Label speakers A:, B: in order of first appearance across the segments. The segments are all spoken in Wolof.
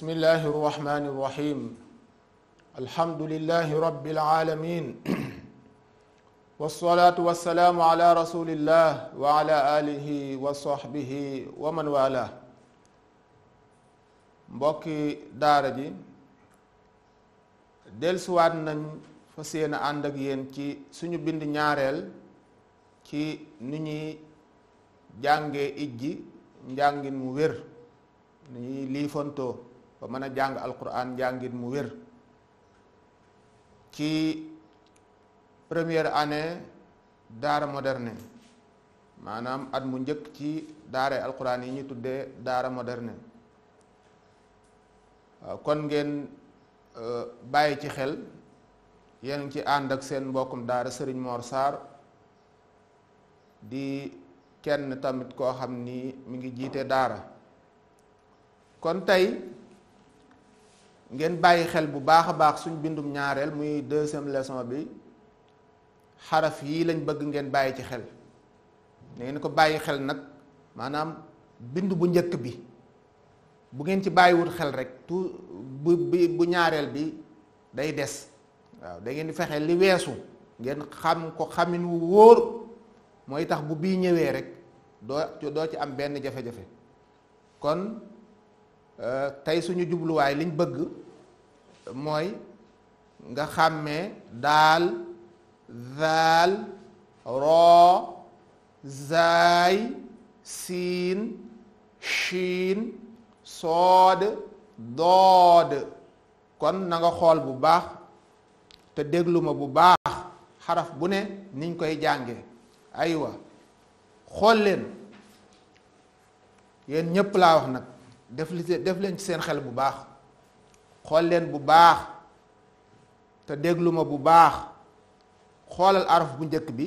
A: بسم الله الرحمن الرحيم الحمد لله رب العالمين والصلاة والسلام على رسول الله وعلى آله وصحبه ومن والاه بوكي دارجي ديل سواد نان فسينا عندك ينكي سنو بند نيارل كي نيني جانجي إجي جانجي مغير نيني ليفونتو ba mën a jàng alquran njàngin mu wér ci première année daara moderne maanaam at mu njëkk ci daare alquran yi ñu tuddee daara moderne ah, kon ngeen eh, bàyyi ci xel yéen ci ànd ak seen mbokkum daara sëriñ Mor di kenn tamit koo xam ni mi ngi jiite daara kon tey ngeen bàyyi xel bu baax a baax suñ bindum ñaareel muy deuxième leçon bi xaraf yii lañ bëgg ngeen bàyyi ci xel dangeen ngeen ko bàyyi xel nag maanaam bind bu njëkk bi bu ngeen ci bàyyiwut xel rek tout bu bu ñaareel bi day des waaw da di fexe li weesu ngeen xam ko xamin wu wóor mooy tax bu bii ñëwee rek doo doo ci am benn jafe-jafe kon Euh, tey suñu jubluwaay liñ bëgg mooy nga xàmmee daal zaal roo zaay siin shiin sod dood kon nanga xool bu baax te dégluma bu baax xaraf bu ne niñ koy jànge aywa xool leen yéen ñépp laa wax nag def def leen ci seen xel bu baax xool leen bu baax te dégluma bu baax xoolal araf bu njëkk bi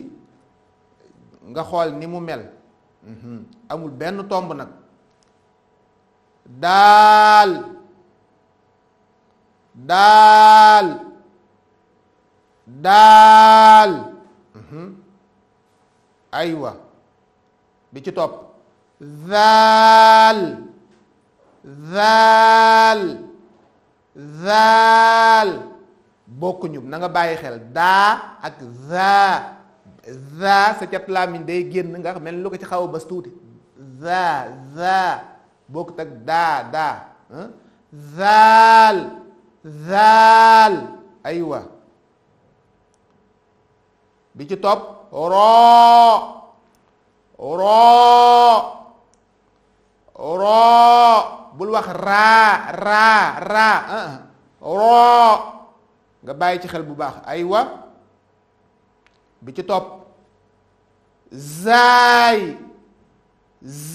A: nga xool ni mu mel mhm. amul benn tomb nag daal daal daal mhm. aywa bi ci topp zaal zaal zaal bokkuñu na bàyyi xel daa ak zaa zaa sa cat làmmiñ day génn nga mel ni lu ko ci xaw ba bas tuuti zaa zaa bokkut ak daa daa zaal zaal aywa bi ci topp roo roo roo bul wax raa raa raa ah. roo nga bàyyi ci xel bu baax aywa bi ci topp zaay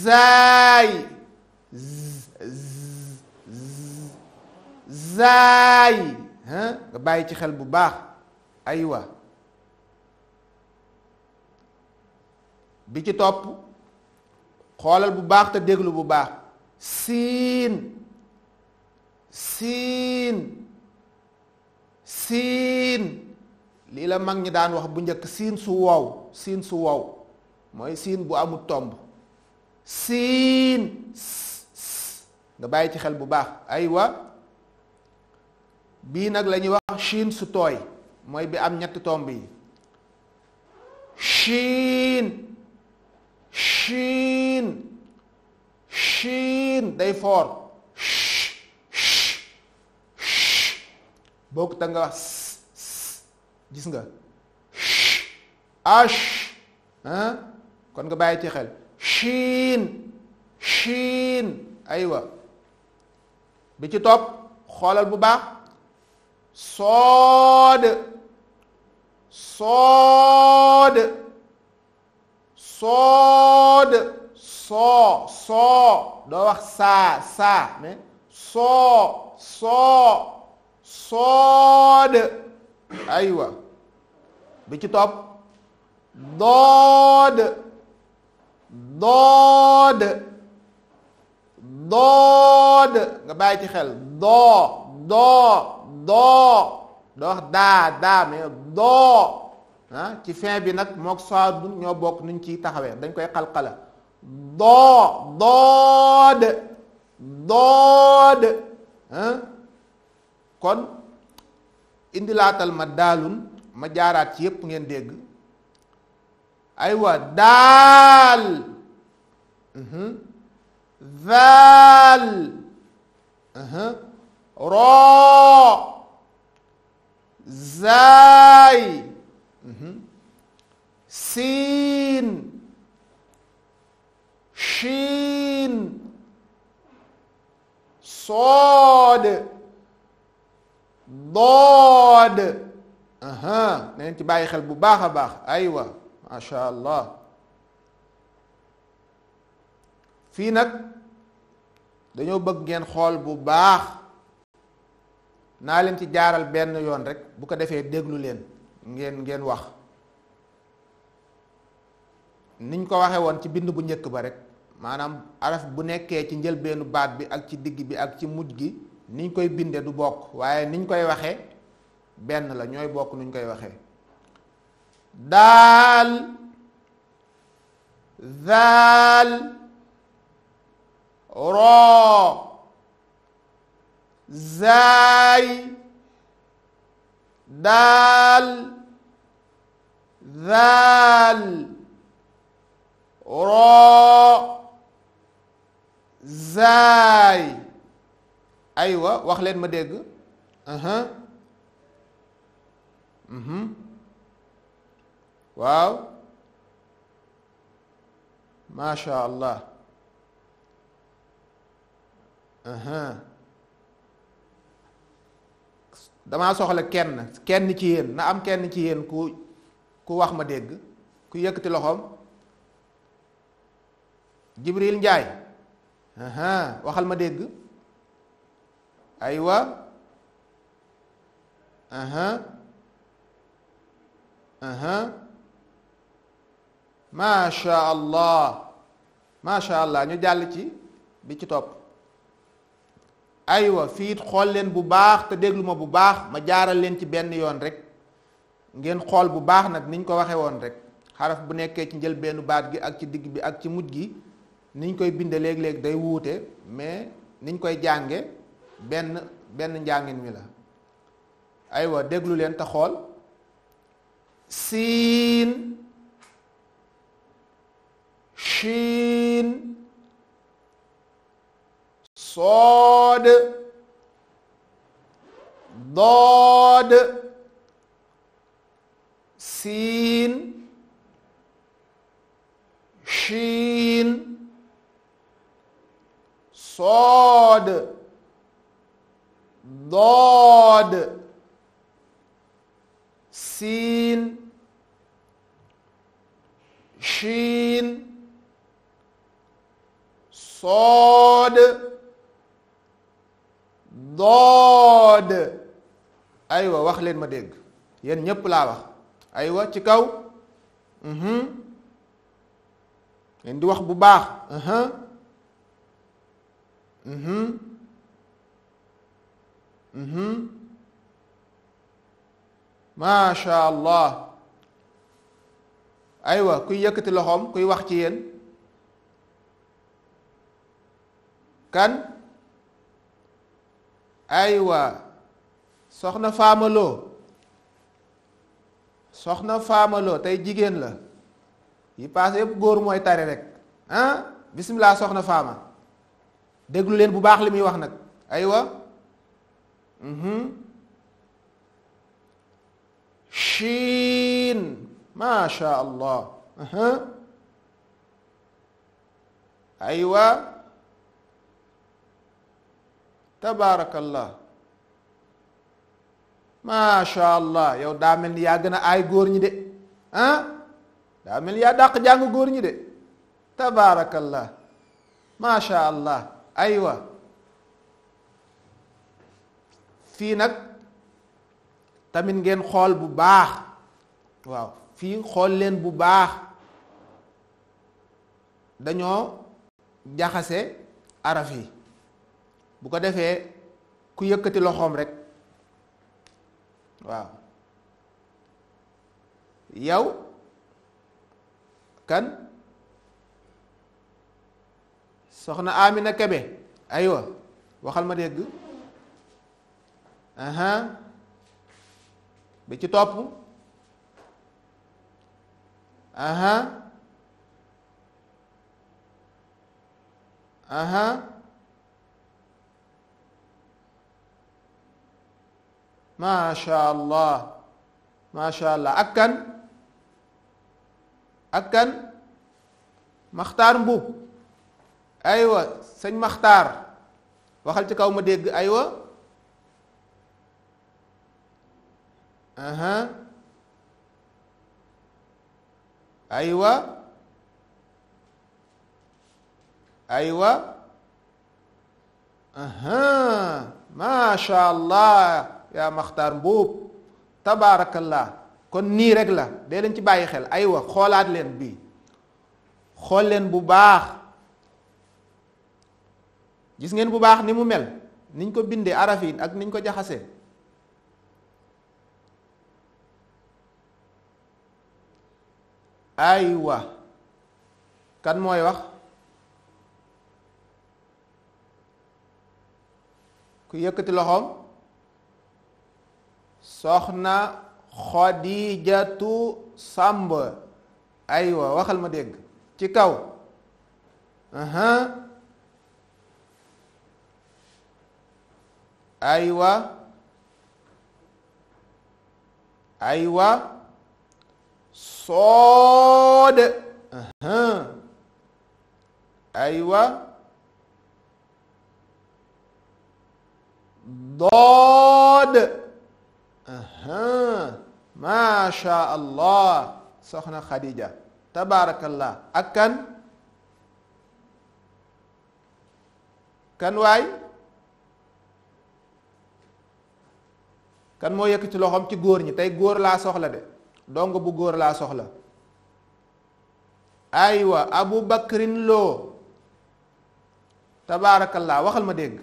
A: zaay zaay nga bàyyi ci xel bu baax aywa bi ci topp xoolal bu baax te déglu bu baax siin siin siin lii la mag ñi daan wax bu njëkk siin su wow siin su wow mooy siin bu amul tomb siin nga bàyyi ci xel bu baax aywa bii nag la ñuy wax shiin su tooy mooy bi am ñetti tomb yi shiin shiin shiin day foor boo ko ta nga gis nga ash kon nga bàyyi ci xel shiin shiin aywa bi ci topp xoolal bu baax sood sood sood soo soo doo wax saa saa mais soo soo sood aywa bi ci topp dood dood dood nga bàyyi ci xel doo doo doo doo wax daa daa mais doo ci fin bi nag mook saadun ñoo bokk nuñ ciy taxawee dañ koy xalxala doo dood dood kon indilaatal ma daalun ma jaaraat ci yépp ngeen dégg aywa daal roo zaay سين شين صاد ضاد اها يعني انت باي خل بباخ باخ ايوه ما شاء الله في نك دانيو بغ ген خول بو باخ نالنتي جارال بن يون رك بوكو ديفه دغلو لين ngeen ngeen wax niñ ko waxe won ci bindu bu njëkk ba rek manam araf bu nekké ci njëlbeenu baat bi ak ci digg bi ak ci mujj gi niñ koy bindé du bok waaye niñ koy waxé benn la ñoy bok nuñ koy waxé dal zal ra zai dal ذال را زاي ايوا واخ لين اها اها واو ما شاء الله اها دا ما سوخلا كين كين تي يين كين تي ku wax ma dégg ku yëkkati loxoom jibril njaay waxal ma dégg aywa aha aha macha allah macha allah ñu jàll ci bi ci topp aywa fiit xool leen bu baax te déglu ma bu baax ma jaaral leen ci benn yoon rek ngeen xool bu baax nag niñ ko waxee woon rek xaraf bu nekkee ci njëlbeenu baat gi ak ci digg bi ak ci mujj gi niñ koy binde léeg-léeg day wuute mais niñ koy jànge benn benn njàngin mi la aywa déglu leen te xool siin sood dood Seen, Sheen, Sod, Dod, Seen, Sheen, Sod, Dod. aywa wax leen ma dégg yéen ñépp laa wax aywa ci kaw mhm. ngeen di wax bu baax mhm. mhm. macha allah aywa kuy yëkkati loxoom kuy wax ci yéen kan aywa soxna faamaloo soxna lo tay jigen la yi paase yeb gor moy tare rek ah bismillah soxna faama déglu len bu bax limi wax nak ay wa hmm shin ma sha allah aywa tabaarakallah masya allah yow da mel ni yaa gën a ñi de ah da mel ya yaa jang goor ñi de tabarakallah masha allah aywa fi nak tamit ngeen xol bu baax waaw fi xol leen bu baax dañoo jaxase arafi bu ko defee ku yëkkati loxoom rek ياو كان سخنا آمنة كبه أيوة وخال ما ديك أها بيتي توب أها أها ما شاء الله ما شاء الله أكن أكن مختار بو أيوة سن مختار وخلت كاو ديق أيوة أها أيوة أيوة أها ما شاء الله Ya maktar mbub tabarakallah, kon ni rek la de len ci bàyyi xel wa xoolaat len bi xol len bu baax gis ngeen bu baax ni mu mel niñ ko bindé arafin ak niñ ko ay wa kan moy wax ku yëkkati loxom soxna xodijatu sàmb aywa waxal ma dégg ci kaw aywa aywa sood aywa ضاد macha allah soxna Khadija tabaarakallah ak kan kan waay kan moo ci loxoom ci góor ñi tey góor laa soxla de dong bu góor laa soxla aywa abu bakrin loo tabaarakallah waxal ma dégg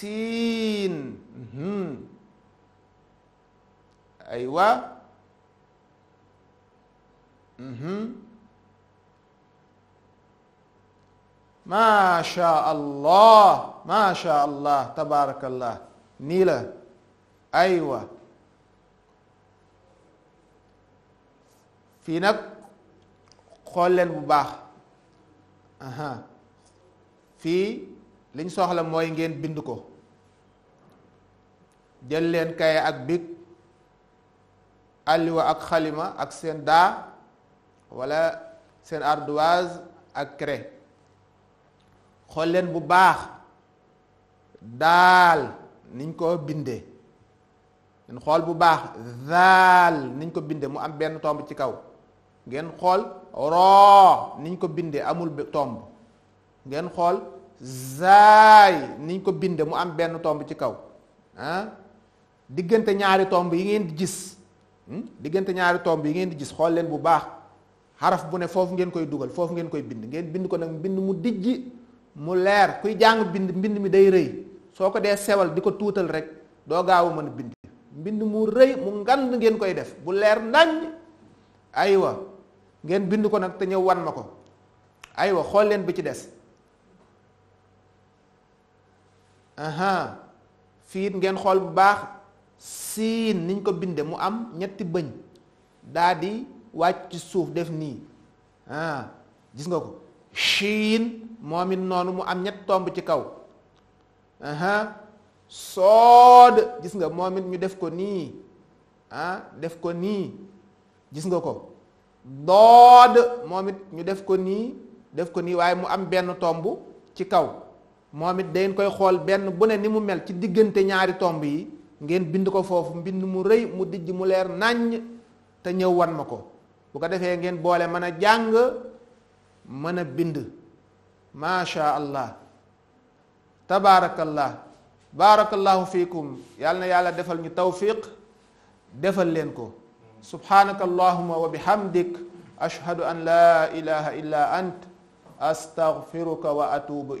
A: سين مهم. أيوة مهم. ما شاء الله ما شاء الله تبارك الله نيلة أيوة فينك nag بباخ أها في, baax aha liñ soxla mooy ngeen bind ko jël leen kaye ak big alliwa ak xalima ak seen daa wala seen ardoise ak cré xool leen bu baax daal niñ ko bindee ngeen xool bu baax daal niñ ko bindee mu am benn tomb ci kaw ngeen xool roo niñ ko bindee amul tomb ngeen xool zaay niñ ko binde mu am benn tomb ci kaw ah? diggante ñaari tomb yi ngeen di gis hmm? diggante ñaari tomb yi ngeen di gis xool leen bu baax xaraf bu ne foofu ngeen koy dugal foofu ngeen koy bind ngeen bind ko nag mbind mu dijji mu leer kuy jàng bind mbind mi day rëy soo ko dee sewal di ko tuutal rek doo gaaw a mën bind mbind mu rëy mu ngand ngeen koy def bu leer nañ aywa ngeen bind ko nag te ñëw wan ma ko aywa xool leen bi ci des aha fii ngeen xool bu baax siin niñ ko binde mu am ñetti bëñ daa wàcc ci suuf def nii ah gis nga ko shiin moom it noonu mu am ñett tomb ci kaw aha sood gis nga moom it ñu def ko nii ah def ko nii gis nga ko dood moom it ñu def ko nii def ko nii waaye mu am benn tomb ci kaw momit it koy xol ben bu ne ni mu mel ci digeunte ñaari tomb yi ngeen bind ko fofu bind mu rëy mu dijj mu leer nañ te ñëw wan mako bu ko defee ngeen boole mën a jàng mën a bind maasha allah tabaarakallah baarakallahu fiikum yàlla na yàlla defal ñu tawfiq defal leen ko subhanaka allahuma wa bihamdik ashhadu an la ilaha illa ant astaghfiruka wa atubu